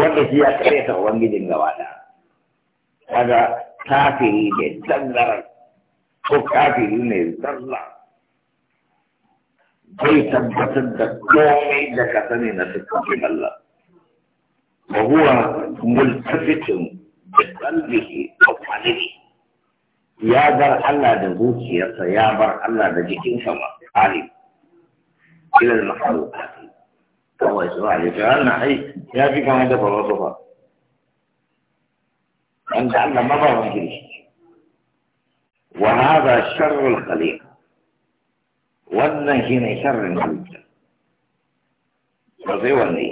wanda shi ya karyata ubangijin gaba da kaga kafiri ne dangaren ko kafiri ne zalla bai tabbatar da komai da ka sani na dukkan Allah wa huwa multafitun da qalbihi wa qalbihi ya bar Allah da zuciyarsa ya bar Allah da jikinsa ma alim ila al-makhluqat kawai su a yake wannan ai ya fi kamar da farosofa wanda Allah ma ba wani girki wa hada sharrul khaliq wannan shine sharrin halitta ba sai wanne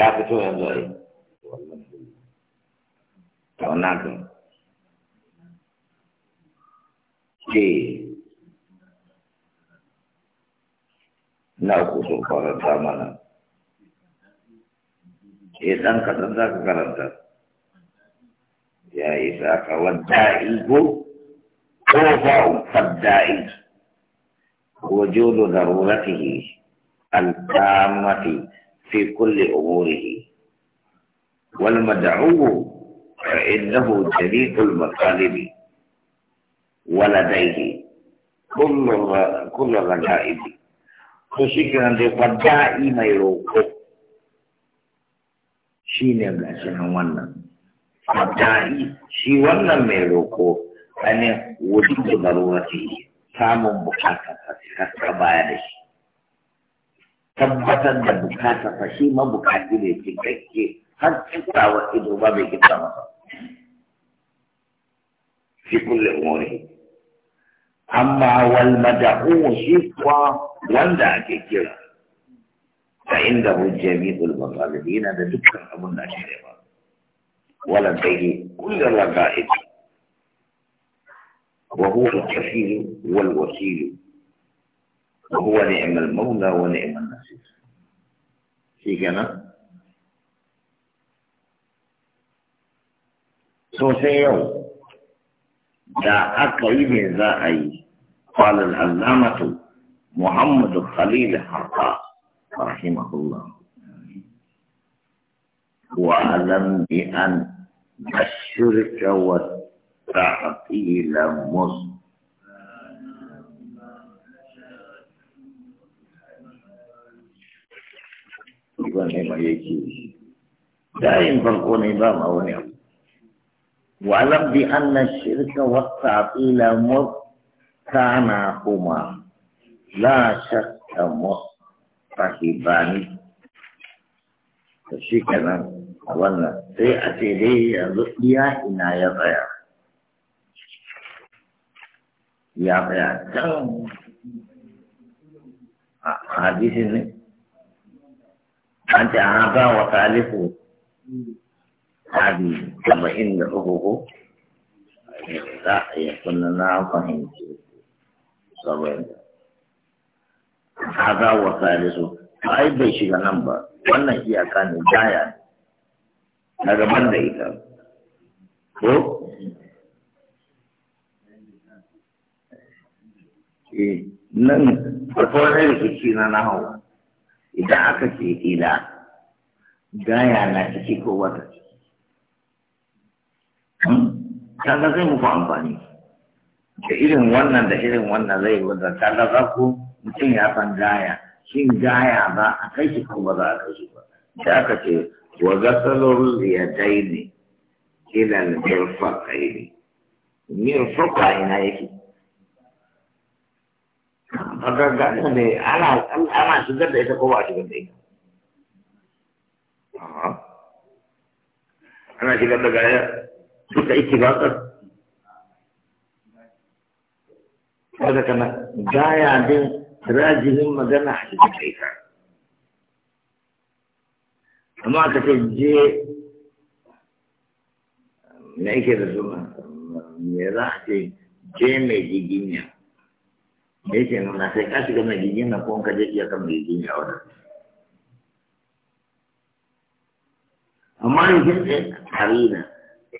ya fito yanzu ai wannan kan ke ناخذ بعض الزمان إذا كتبت كتبت يا إذا قال الدائب توضع فالدائب وجود ضرورته التامة في كل أموره والمدعو فإنه جديد المطالب ولديه كل كل to shi kiran dai kwada'i mai roƙo shi ne gashi nan wannan kwada'i shi wannan mai roƙo ainihin wajen da barurati samun ta ka baya da shi tabbatar da bukata fa shi ma bukati ne cikakke har cikawa ido ba bai kita masa fi kulle umuri amma wal mad'u shi kuwa wanda ake kira fa inda hu jami'ul matalib yana da dukkan abun da ake ba, wala dai kullu raga'ib wa huwa al-kafil wal wakil wa huwa ni'mal mawla wa ni'mal nasir shi kenan sosai yau da aka yi قال العلامة محمد الخليل حقا رحمه الله وأعلم بأن الشرك والتعطيل مصر دائم فرقوني بابا ونعم واعلم بأن الشرك والتعطيل مبتعناهما لا شك مصطحبان فشكرا أولا سيأتي لي رؤيا إنا يضيع يضيع كم حديث أنت هذا وثالثه hadi kama inda uku za a yi suna na fahimci wasa da wa salisu yi bai shiga nan ba wannan iyaka ne baya na gaban da ita ko eh, nan farko na rikici na na hau idan aka ce ila gaya na ciki ko wata kaga zai muku amfani da irin wannan da irin wannan zai da kaga za ku mutum ya san gaya shin gaya ba a kai shi ko ba za a kai shi ba da aka ce wa gasalul yadaini ila al-mirfaqaini mirfaqa ina yake Maka gaya ne ana ana shigar da ita ko ba shigar da ita ana shigar da gaya duka ikibatsar kada kana gaya din rajihin magana a cikin kai amma ka ce je na yake da suna me za a ce je mai giginya da yake nuna sai ka shiga mai giginya ko ka je iya kan mai giginya wadda amma yankin tsaye a harina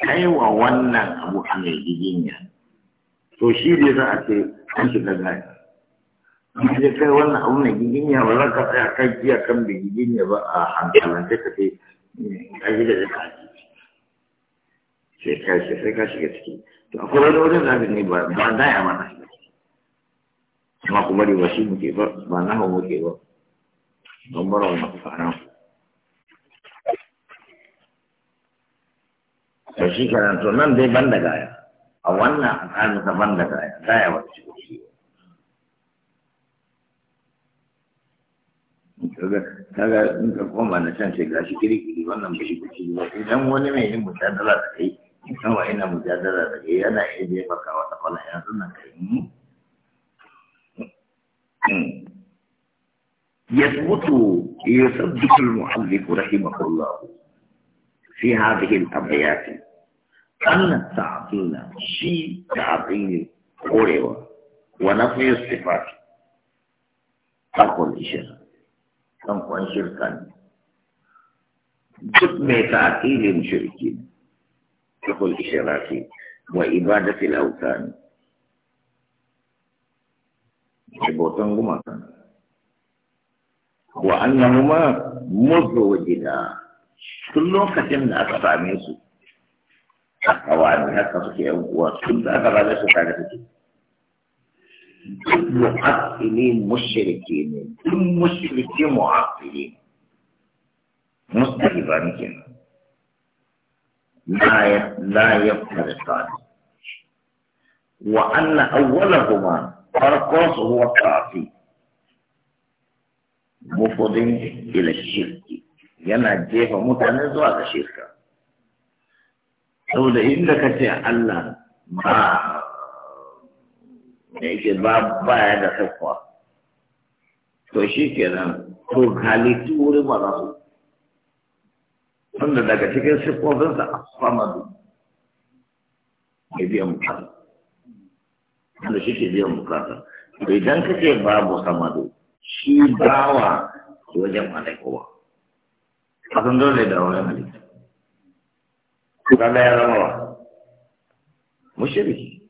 kai wa wannan abu a mai jinya to shi ne za a ce an shiga gani in kai wannan abu mai jinya ba za ka tsaya kai jiya kan mai jinya ba a hankalance ka ka da sai ka shiga sai ka ciki to akwai wani wajen da ne ba ba da ya mana shiga ciki kuma riba shi muke ba ba na hau muke ba don mara wani fara da shi karanto nan dai ban da gaya a wannan a kanisa ban da gaya gaya wata shi kushi kaga in ka koma na can sai gashi kirkiri wannan ba shi kushi ba idan wani mai yin mujadala da kai idan wa ina mujadala da kai yana iya je baka wata kwallon yanzu nan kai يثبت يثبت المؤلف رحمه الله في هذه الأبيات wannan ta'abin na shi ta'abin ne korewa wa na fiye su tafi a kwan ishirin kan kwan shirka ne duk mai ta'abin shirki ne a kwan ishirin ne wa ibada filauta ne da bautan gumaka ne wa annahuma mazawajida tun lokacin da aka same su haka haka suke yan uwa tun da aka rabe su tare suke duk mu'affili mushriki ne duk mushriki mu'affili mustahiba ne kenan لا يفترقان وأن أولهما فرقص هو التعصي مفض إلى الشرك ينجيه متنزع الشرك saboda inda ka ce Allah ba da yake ba baya da sakwa to shi kenan to halittu wurin marasu wanda daga cikin sifofinsa a sama da biyan bukata wanda shi ke biyan bukata to idan ka ce babu da shi bawa wajen malaikowa a san dole da wani halittu kaga ya zama wa mushriki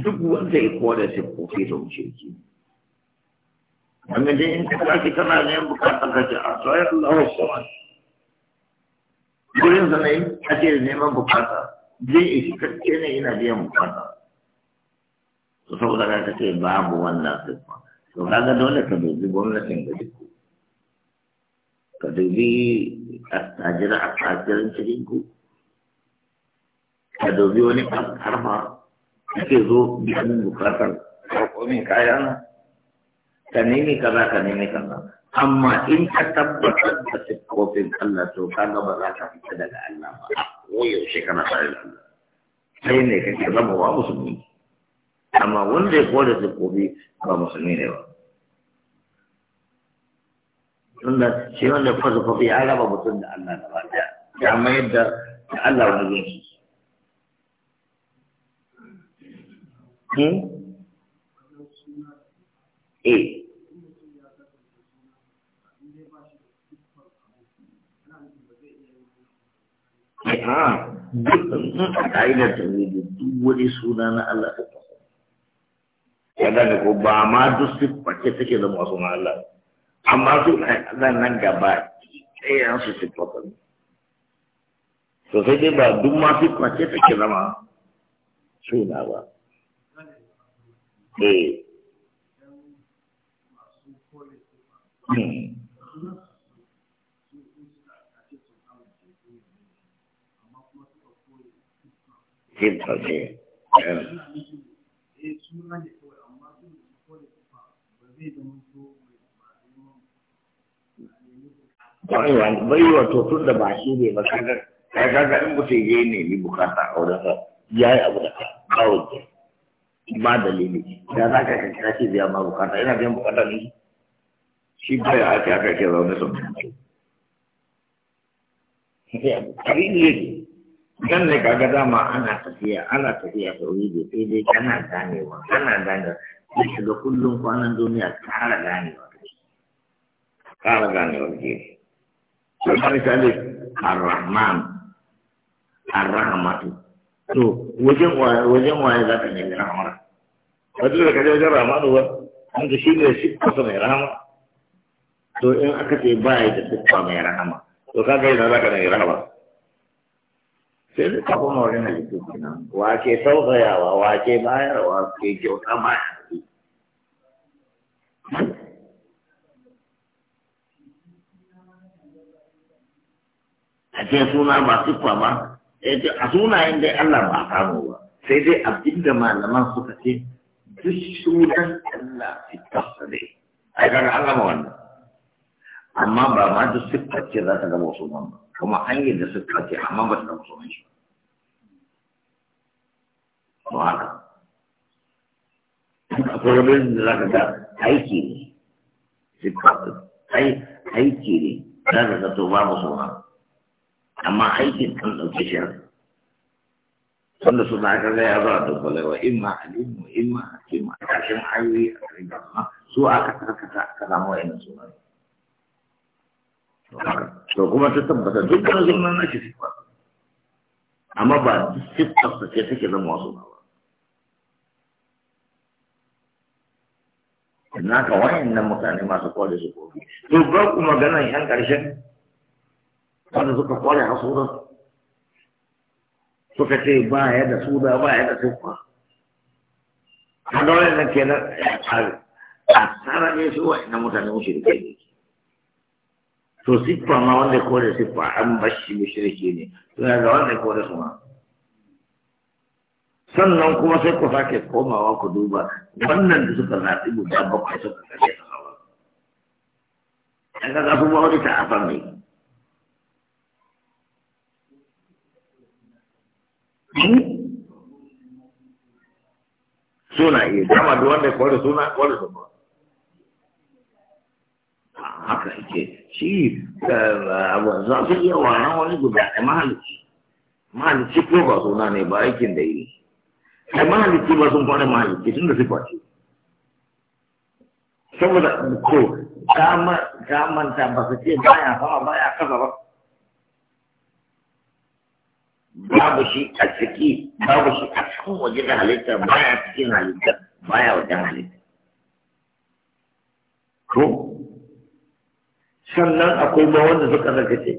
duk wanda ya koda sai kofi da mushriki amma dai in ka tashi kana neman bukatar ka ce a tsaye Allah wa sawan gurin sa ne ake neman bukata zai isi kacce ne ina biyan bukata to saboda ka ce babu wannan sifa to kaga dole ka dubi gwamnatin da duk Kadibi ajaran ajira a kafirin cikin ku ka dubi wani harfa kake zo biyan bukatar komin kaya lah. ka ini kata, ka ini kata. amma in ka tabbatar da siffofin Allah tu. ka ga ba za Allah Aku ko yaushe saya tare da Allah sai ne kake zama wa amma wanda ya tu siffofi ba musulmi ne ba tunda shi wanda kwazo-kwazo ya raba mutum da Allah da, ɗaya ya mayar da Allah wani yin shi. Hmm? Eh. Ah, eh, duk a ƙa'idar tauhidi duk wani suna na Allah ta kasa. Ya gane ko ba ma duk sifface take zama wasu na Allah. amma sunayen Allah nan gaba ɗayan su sai dai ba duk ma siffa ce take zama suna ba eh Siffa hmm. ce. Eh. Eh, ba baiwa to tun da ba shi ne ba kaga kaga in mutum ya yi nemi bukata a wurin sa ya yi abu da ka ba wajen ba dalili ya za ka kankira shi biya ma bukata ina biyan bukata ne shi ba ya ake aka ke zaune sun kari ne dan ne kaga dama ana tafiya ana tafiya ta wuri da sai dai kana ganewa kana ganewa duk da kullum kwanan duniya kara ganewa kara ganewa ke Contoh misalnya Ar-Rahman, To wajen waye wajen waye za ka nemi rahama. Wajen da kaje wajen Rahmanu ba, an shi ne shi kasa mai rahama. To in aka ce ba ya da siffa mai rahama, to ka ga yana za ka nemi rahama. Sai da kafin wajen halittu kenan, wake tausayawa, wake bayarwa, ke kyauta baya. a ce suna ba siffa ba a sunayen dai Allah ba samu ba sai dai abin da malaman suka ce duk sunan Allah fitarsa ne ai kaga an gama wannan amma ba ma duk siffar ce za ta gama sunan ba kuma an yi da siffar ce amma ba ta gama sunan shi to haka akwai wani da za ka ga aiki ne siffar ai aiki ne za ka ga to babu sunan amma aikin kan ɗauke shi haka wanda su za kaza ya za a dubbala wa imma alimu imma hakimu a ƙarshen ayoyi a ƙarshen amma su aka karkata aka samu wa yanar suna to kuma ta tabbata duk wani suna na shi ba, amma ba duk sifa ta ce take zama wasu ba naka wayan nan mutane masu kwale su kofi to ba ku maganan yan ƙarshen wani suka kware a suna suka ce ba ya da suna ba ya da sufa a dole na kenan a ne su wa'in na mutane mushrikai ne to siffa ma wanda kore siffa an bashi mushriki ne to ya ga wanda kore su ma sannan kuma sai ku sake komawa ku duba wannan da suka zaɓi guda bakwai suka kashe hawa. An ga su ma wani ta'afa mai suna iya dama da wanda kwarar suna kwarar suna haka ike shi eh, za su iya wannan wani guda da mahalici mahalici ko ba suna ne ba aikin da yi da mahalici ba sun kwanar mahalici tun da su kwace saboda ko kama ta manta ba su ce baya sama baya kasa ba babu shi a ciki babu shi a cikin waje da halitta baya cikin halitta baya wajen halitta ko sannan akwai ba wanda suka zaka ce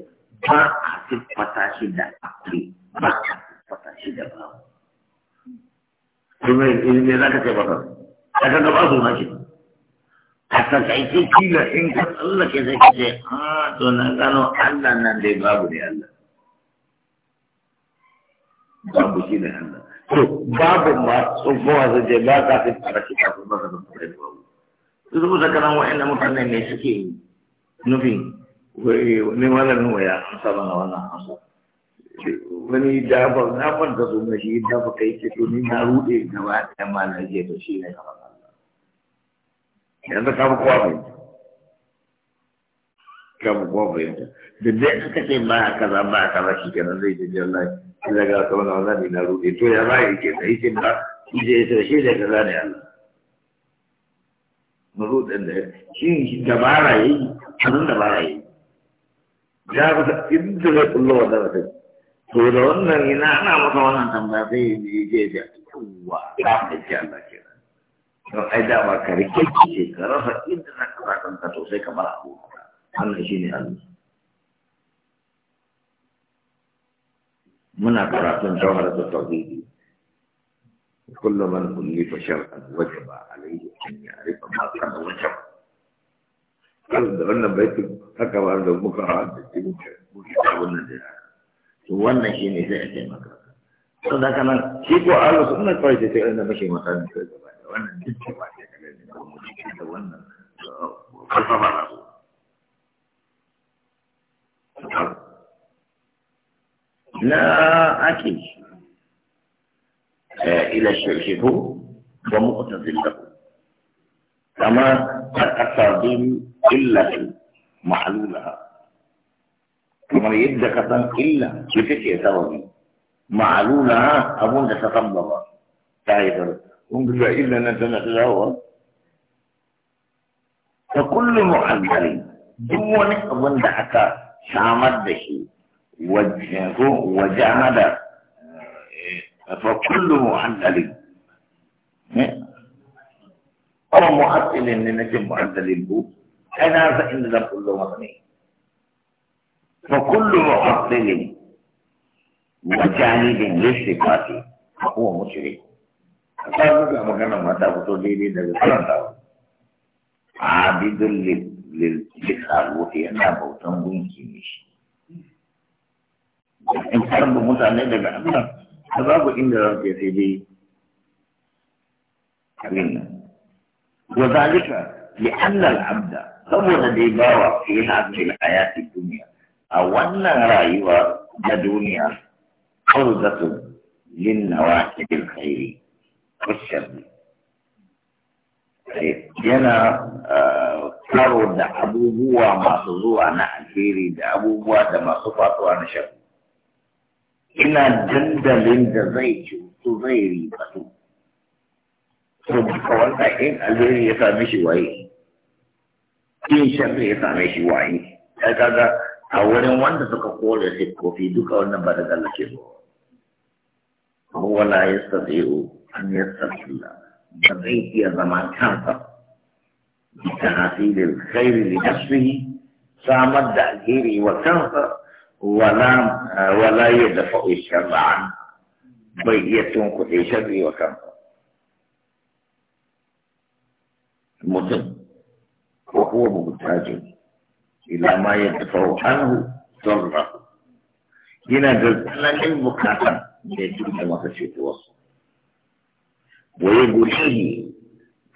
ba a siffata shi da akwai ba a siffata shi da babu kuma ilimin za ka ce ba ka ga ba su na shi a takaice kila in ka tsallake zai ka ce a ah, to na gano allah nan dai babu ne allah babu shi ne Allah to babu ma tsogowa su je ba ka fi tsara shi kafin ba ka zama da babu su zuba zakaran wa'in mutane ne suke nufin wani malamin waya an saba na wannan amsa wani dafa na kwanta su na shi dafa kai ce to ni na rude gaba ɗaya ma na je to shi ne gaba yanzu ka kowa fahimta ka kowa fahimta da dai aka ce ba kaza ba kaza shi kenan zai je jallai Allah ga kawo na wannan na rude to ya bai ke sai ce ba je ta shi da kaza ne Allah muru din da shi dabara yi hannun dabara yi ya ga inda zai kullo da ta, to da wannan ina ana masa wannan tambaya sai ya je ya kuwa ta da Allah ke to ai da ba ka rike ce ka rasa inda za ka sa kanka to sai ka bar abu wannan shine Allah muna karatun jawhar da tauhidi kullu man kullifa shar'an wajaba alayhi an ya'rifa ma kana wajaba kan da wannan baitin haka ba da muka da cikin wannan da to wannan shine sai ake maka to da kana shi ko Allah sunna kai da sai annabi shi maka ne kai ba ta na ake ila shekaru ba mu kuta zinda kama kan ƙasa bin illafin ma'alula kamar yadda ka san illa ki take sababi ma'alula abun da ta san ba ta yi bar kun ga illa nan tana ta dawo kullum muhammadin duk wani abun da aka samar da shi وجعل آه، فكله معدل أو إيه؟ معدل لنجم معدل البو أنا فان إن لم كل مغني فكل معطل وجانب للصفات فهو مشرك فقال لك مكان ما تقول لي عابد للتخاوت أنا بوتن بوتن بوتن in karɓi mutane daga Allah ta babu inda za su je sai dai abin nan wa zalika li anna al-abda saboda dai bawa fi hadhihi al-hayati dunya a wannan rayuwa na duniya qurdatu lin nawaqid al-khairi wa sharri yana karo da abubuwa masu zuwa na alheri da abubuwa da masu fatuwa na sharri ina dandalin da zai cutu zai ribatu So, duka wanda in alheri ya same shi waye in sharri ya same shi waye ya kaga a wurin wanda suka kore shi kofi duka wannan ba da tsallake ba wala ya tsatsiyo an ya tsatsila da zai iya zama kansa bi tahsilil khairi li nafsihi samar da alheri wa kansa wala eh, wala ya dafa shar'an bai iya tunkuɗe sharri wa kansa mutum ko huwa ila ma ya dafa anhu zarra yana da tsananin bukatan da ya tuka masa cutuwa wa eh, ya gunihi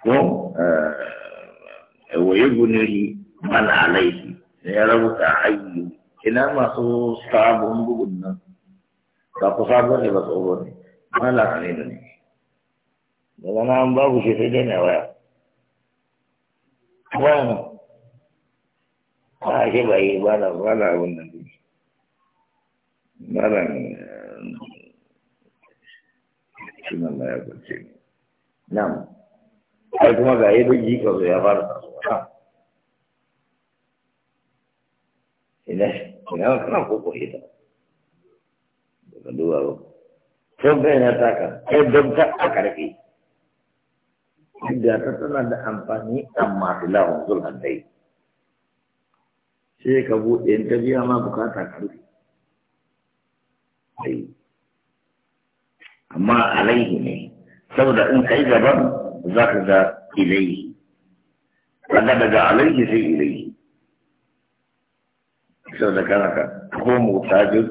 ko ya ina masu sabon bugun nan ba ku sabon ne ba tsoho ne mala ne ne da zama an babu shi sai dai na waya waya ne a shi ba yi ba da ba da abin nan ne ba da eh, sunan na ya kwace ne nan ai kuma ga yi bugi ka ya fara tasowa ina ya kan ko ko ita daga duwa ko ko ga na ta ka kai don ka a karfi inda ta tana da amfani amma filahu zul haddai sai ka buɗe ta biya ma bukata karfi amma alaihi ne saboda in kai gaban za ka ga ilaihi daga daga alaihi sai ilaihi sai da kana ka ko mutajir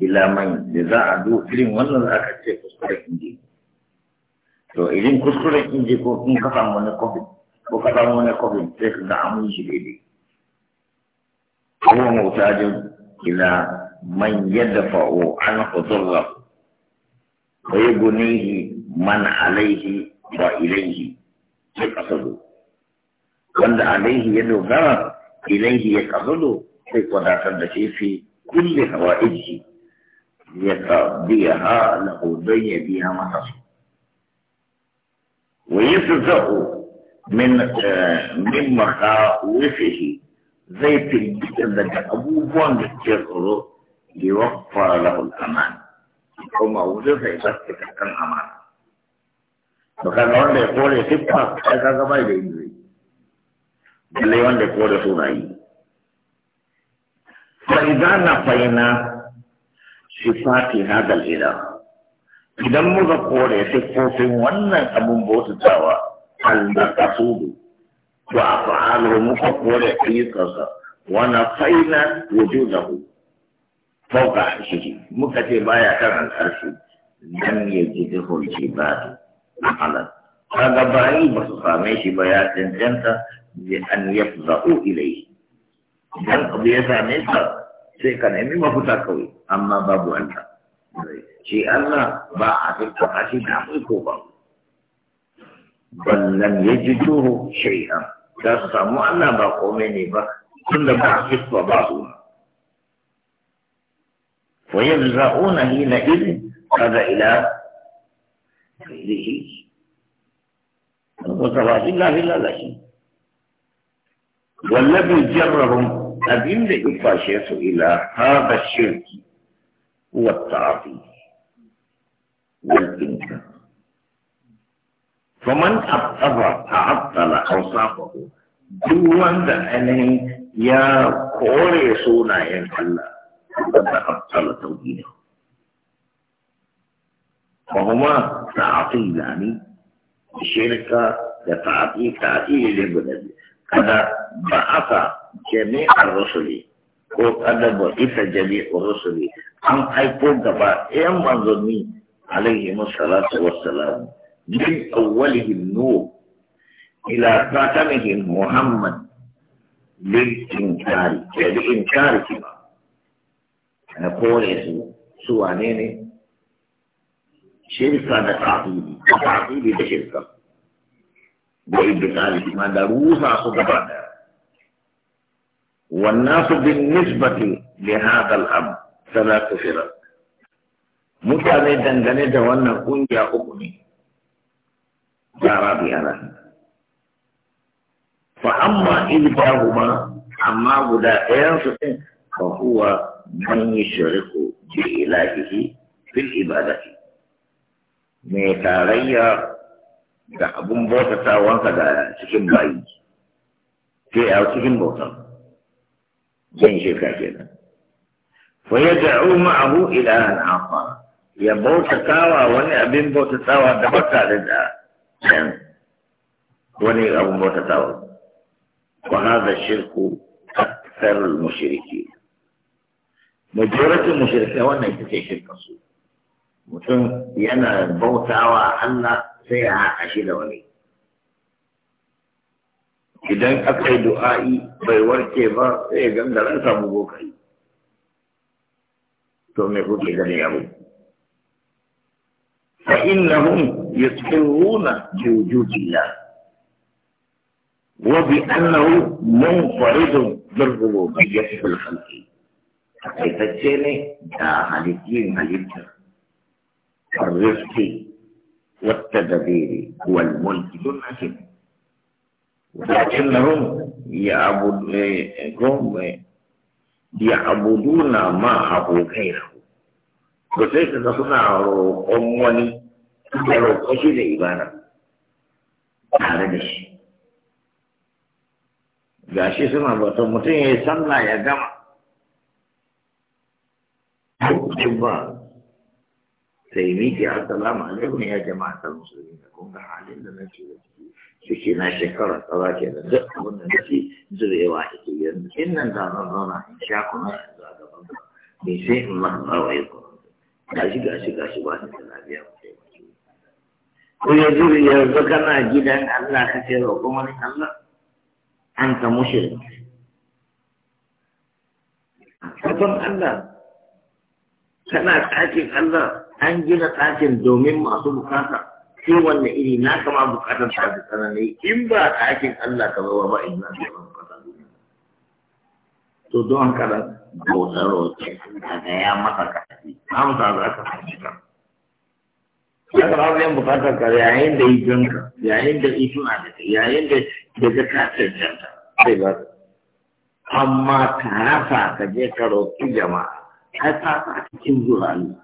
ila man da za a do irin wannan za ka ce kuskuren inji to irin kuskuren inji ko in ka samu wani kofi ko ka samu wani kofi sai ka ga amun shi daidai ko mutajir ila man yadfa'u an hudurra wa yughnihi man alaihi ba ilaihi ya kasado wanda alaihi ya dogara ilaihi ya kasado حيث لا في كل هوائجه ليقضيها له بين بها ما حصل ويفزع من من مخاوفه زيت الجسد لكن ابو بوند تغرو ليوفر له الامان ثم وزف يبقى كان امان فكان هون يقول يسيبها هذا كما يدري اللي هون يقول يسوناي فإذا نفينا صفات هذا الإله idan muka kore siffofin wannan abun bautu tawa alma kasudu to a fa'alu muka kore ayyukansa wana faina wuju da hu fauka shi muka ce baya kan alƙarfi dan ya ji duhun shi ba su amalan kaga bayi ba su same shi ba ya cancanta an yafza'u ilaihi idan abu ya same ka sai ka nemi mafuta kawai amma babu Allah shi Allah ba a fita a shi da ko ba ballan ya ji duhu shay'an za su samu Allah ba komai ne ba tun da ba a fita ba su wa yanza'una hina idin kaza ila ghairihi وصلاة الله إلا لكن والذي جرهم نبيل إفا شيخ إلى هذا الشرك هو التعظيم والإنكار فمن أبطل تعطل أوصافه دون أن يا قولي سونا يا الله فقد أبطل توحيده فهما تعطيلان الشركة تعطي تعطي لبنى kada ba'atha jami'ar rusuli ko kada ba'itha jami'ar rusuli an haifo gaba ɗayan manzanni alaihi salatu wassalam min awwalihim nuh ila khatamihim muhammad lil inkari ke eh, da inkari ki ba na kore su su wane ne shirka da ta'idi ta'idi da shirka da ibtali ma da rusa su gaba nisbati والناس hada لهذا الأمر ثلاث فرق mutane dangane da wannan ƙungiya uku ne yara biyara fa amma ihdahuma amma guda ɗayan su din fa huwa man yushriku bi ilahihi fil ibadati me tarayya da abun bautatawansa da cikin bayi sai a cikin bautar zan shirka kenan fa ya da'u ma'ahu ilahan akhar ya bautatawa wani abin bautatawa da ba tare da wani abun bautatawa wa hadha shirku akthar al-mushrikeen majoratin mushrikai wannan ita ce shirka su mutum yana bautawa Allah sai ya haɗa shi da wani idan aka yi du'a'i bai warke ba sai ya gangara samu bokai to me kuke gani abu fa innahum yusirruna bi wujudillah wa bi annahu munfaridun bil rububiyyah fil khalqi takaitacce ne da halittin halitta arziki والتدبير والملك دون أكل لكنهم يعبدون يعبدون ما أبو غيره kosai ka ga suna roƙon wani da roƙon shi da ibada tare da shi ga shi suna bata mutum ya yi sallah ya gama ba سيميتي على السلام عليكم يا جماعة المسلمين كون عالين لنا شيء شكي ناشي قرأت الله كذا دق من نسي زبئي واحد إن أنت نظرنا إن شاكنا إذا أدبنا نسي الله روحي القرآن قاسي قاسي قاسي واحد سلابي يا مسيح ويجب يرزقنا جدا الله كثير وكما الله أنت مشرك فقم الله كما تحكي الله an gina ɗakin domin masu bukata shi wanne iri na kama bukatar ta da tsanani in ba ɗakin Allah ka bawa ba in na da bukata to don haka da bautar roce ga ya masa kafi amsa za ka fahimci ka ya kama biyan bukatar ka yayin da yi janka yayin da yi tuna da kai yayin da daga ka cancanta zai ba amma ka rafa ka je ka roƙi jama'a ai ta cikin zuwa ne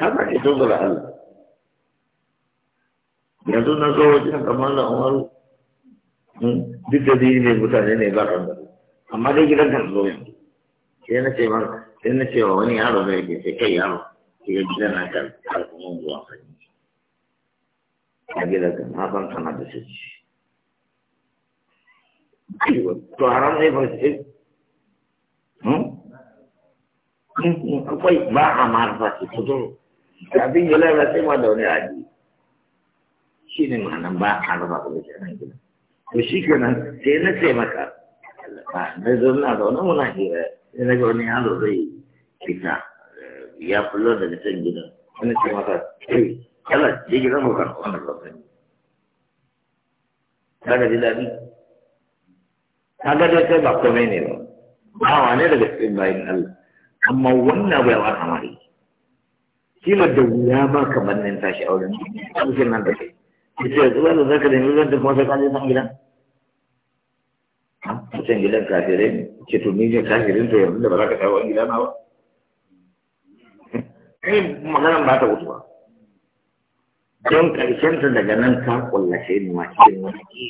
haka ke dogara Allah yanzu na zo wajen kamar da umaru hmm, duk da zai ne mutane ne ba kan amma dai gidan kan zo yanzu sai na ce ma sai na ce wa wani yaro zai ke sai kai yaro ke ga gidan na kan al'umman zuwa sanyi a gidan kan na san sana da shi to haram ne ba shi hmm? Hmm, akwai ba a marfa shi ta kafin ya lalace ma da wani aji shi ne ma'anan ba a raba ku da shi shi kenan sai maka na zo da wani muna hira sai na ga wani yaro eh, ya fullo daga can gidan wani ce maka kai kala je gidan ku kan wani zafin kaga ji daɗi kaga dai kai ba komai ne ba ba wane Allah amma wannan bai wa kila da wuya ba ka bannin tashi a wurin mutum nan da ke. ita ya zuwa da zaka da nemi da kuma sai kalli je san gidan mutum gidan kafirai ne ce to ni ne kafirin to yanzu da ba za ka tawo gida na ba kai maganan ba ta wutuwa don karshen ta daga nan ka kullace ni ma cikin wani ke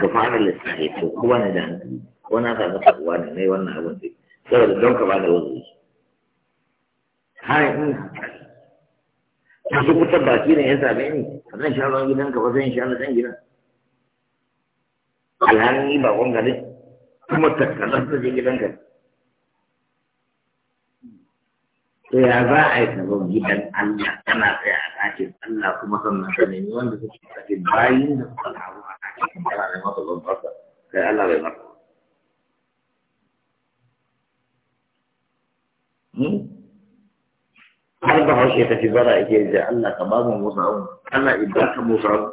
ka fara lissafi to kowane da hankali wani aka ga faruwa ne wannan abin sai saboda don ka ba da wani har in ta su baki ne ya same ni zan sha ruwan gidan ka ba zan sha ruwan gidan alhalin yi ba kwan gari kuma takkalar ta je gidan ka to ya za a yi taron gidan Allah tana tsaye a ɗakin Allah kuma sannan ka nemi wanda suke tafi bayin da suka labu a ɗakin ba a masa ban fasa kai Allah bai masa. har da hauke ta fi bara ake da Allah ka ba mu musa'un Allah ibaka musa'un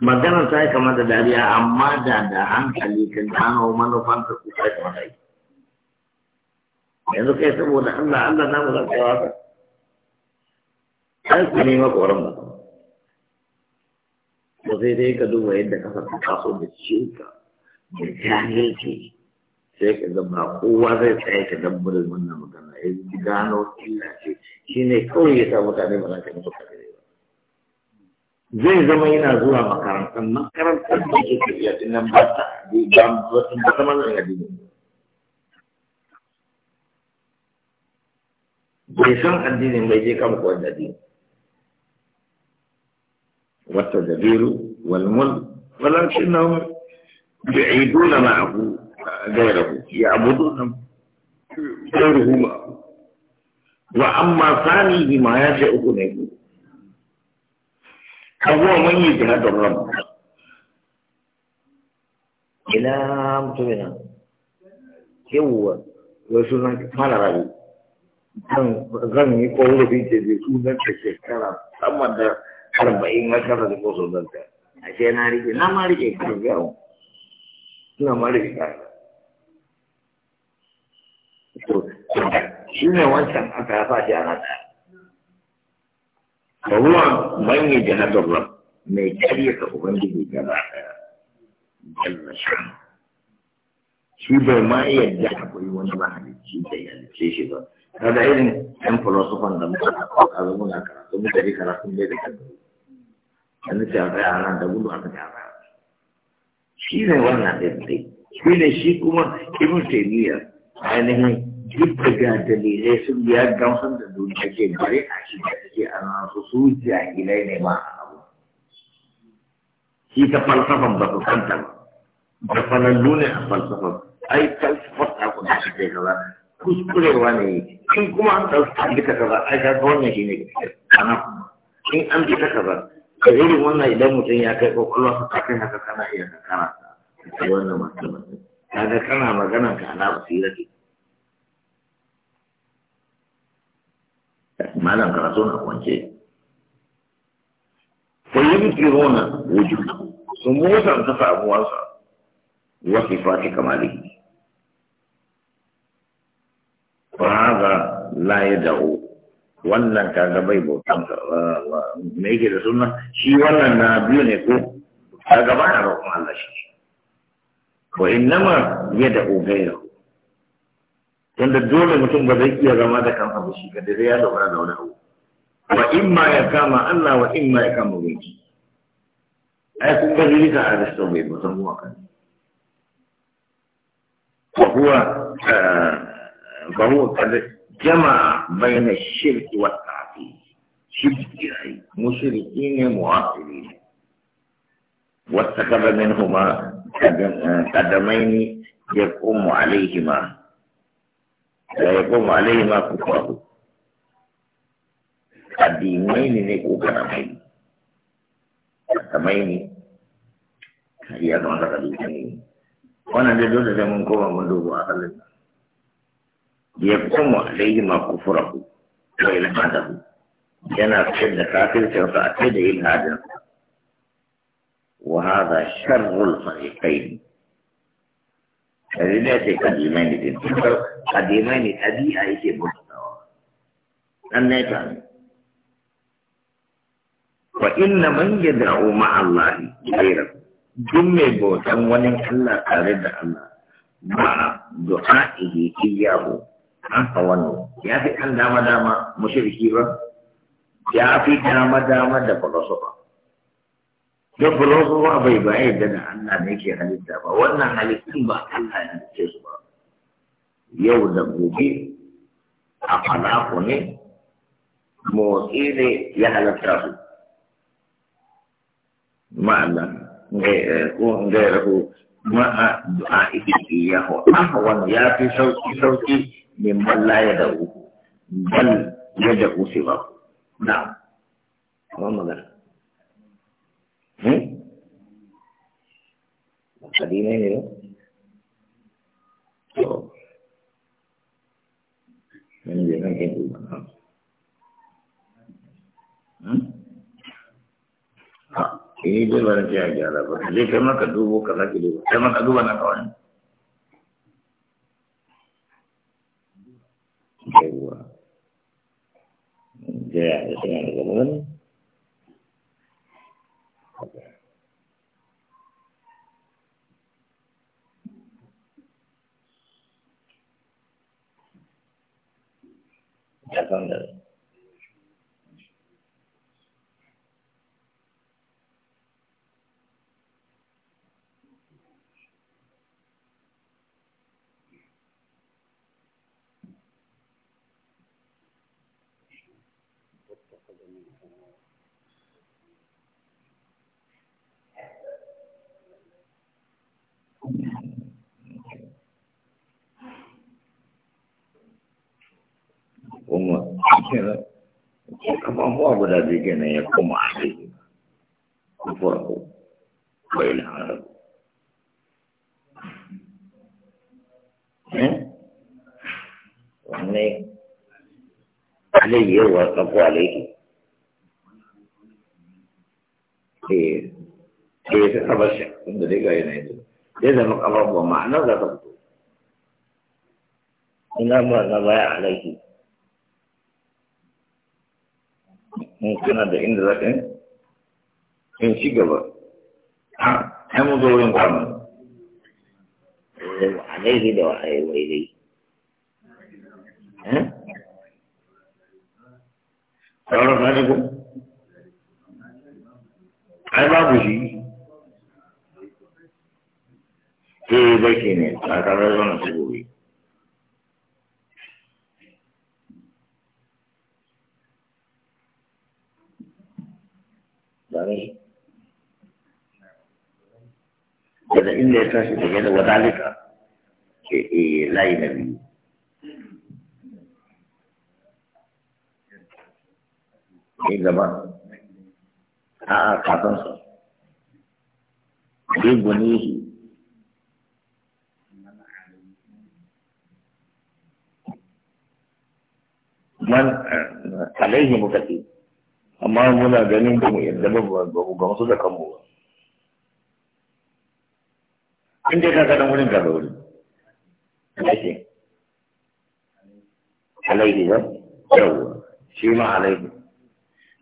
maganar ta yi kamar da dariya amma da da hankali ka gano manufan ka sai da wani yanzu kai saboda Allah Allah na mu zaka yawa ka sai ku ne ma koran ba ko sai dai ka duba yadda ka saka kaso da ciwuka da jahilci sai ka ga ba kowa zai tsaye ka dabbarin wannan magana ya gano illa ce shi ne kawai ya sa mutane ba za ka yi ba zai zama yana zuwa makarantar makarantar da ke tafiya din nan ba ta ba ta mana daga dini bai san addinin bai je kama kowa da dini wata dabiru walmul walansu nan bi'iduna ma'ahu غيره يعبدونه غيرهما وأما ثاني بما يشاء كنه فهو من يجهد الرب إلى مطمئنا يوه وسنة ما رأي zan yi ƙorafi ce da sunan ta shekara sama da arba'in na kasa da ko sunanta a na rike na ma rike kan ma rike to shi ne wancan aka yasa shi a nata ba ruwa manye janadar rab mai karyata ubangiji gaba ɗaya jalla shan shi bai ma iya yadda akwai wani a mahalicci da ya halice shi ba kada irin yan filosofan da muka taɓa a zama na karatu muka yi karatun bai da kan yanzu ce a tsaya nan da gudu aka ce a tsaya shi ne wannan ɗin ɗin shi ne shi kuma ibn taymiyyah ainihin duk ga dalilai sun biya gamsan da duniya ke bari a shi da suke a nan su su jahilai ne ma a abu shi ta falsafan ba su kanta ba da fanallu ne a falsafan ai falsafan ta kuma shi ke gaba. kuskurewa ne in kuma an ɗauki an bi ta kaza ai ka wannan shi ne ana kuma in an bi ta kaza ka irin wannan idan mutum ya kai kwakwalwa su ta kai haka kana iya ka kana ta. karanta wannan masu kaga kana magana ka ana basira ke malam karatu na kwance kullum kirona wujudu sun musan ta samuwarsa wasu fati kamalihi فهذا لا يدعو wannan kaga bai bautan me yake da suna shi wannan na biyu ne ko kaga ba da roƙon Allah shi وإنما يدعو غيره تند دولة متن بذيكي غما ده كان أبو شيكا ده ده يدعو غيره ونهو وإما يكام الله وإما يكام ويك أي كن بذيكا هذا الشعبين وتنوى كان وهو فهو قد جمع بين الشرك والتعطيل شرك يعني مشركين معاقلين واتخذ منهما قدمين يقوم عليهما لا يقوم عليهما كفاه قدمين نكو قدمين قدمين ya zama da ƙarfi wannan da dole sai mun koma mun dubu a halin ya koma alaihi ma kufura ku wa ilhadahu yana da kafircinsa a da ilhadinsa وهذا شر الفريقين الرجاء قديمين دين قديمين أبي أيش بطاوة النيتان فإن من يدعو مع الله غيره جمع بوتان ونن الله أرد الله مع دعائه إياه أهونه يا في أن دام دام مشركي ya fi dama dama da falsafa don filosofa bai ba yadda da Allah ne ke halitta ba wannan halittun ba Allah ya halitta su ba yau da gobe a falaku ne motsi ne ya halatta su ma'ana gairahu ma'a du'a ikin iyahu ahwan ya fi sauki sauki min balla ya da'u bal ya da'u siwa na'am kuma magana Adina ne ne? ini dia barang saya ajar lah. Jadi kena kedua bukan lagi dua. Kena kedua nak kawan. Kedua. 假装的。kuma kenan kafafuwa guda biyu kenan ya koma a ciki kufurku bai laharar eh? wanne alayhi yawa tsako alayhi eh eh sai kabar shi inda dai ga yanayi zai zama kafafuwa ma'anar da ta fito ina ma na baya a alayhi in kana da inda za ka in ci gaba ai mu zo wurin kwanan eh, a laifi da wa'ai wai dai eh? sauran sani ko ai babu shi ke eh, bai ke ne a tare da na su gobe same daga inda ya tashi daga yana wadalika ke e layi na biyu ne gaba a a kafansa bi gunihi man eh, alaihi mukaddis amma muna ganin ba mu yadda ba ba mu gamsu da kanmu ba in dai ka ga dan wurin ka da wuri alaihi alaihi ba yawa shi ma alaihi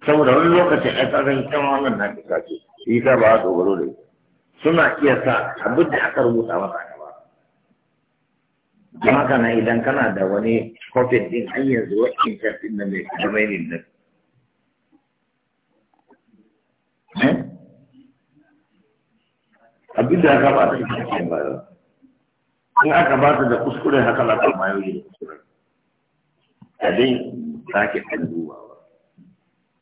saboda wani lokacin ai tsarin kan wannan na kisa ce shi ta ba a dogaro da suna iya sa abin da aka rubuta masa a gaba don kana idan kana da wani kofin din hanyar yanzu cikin kafin da mai kamar yin nan abin da aka bata shi ke bayar in aka bata da kuskure haka lafa mayoyin kuskure a dai sake ɗan dubawa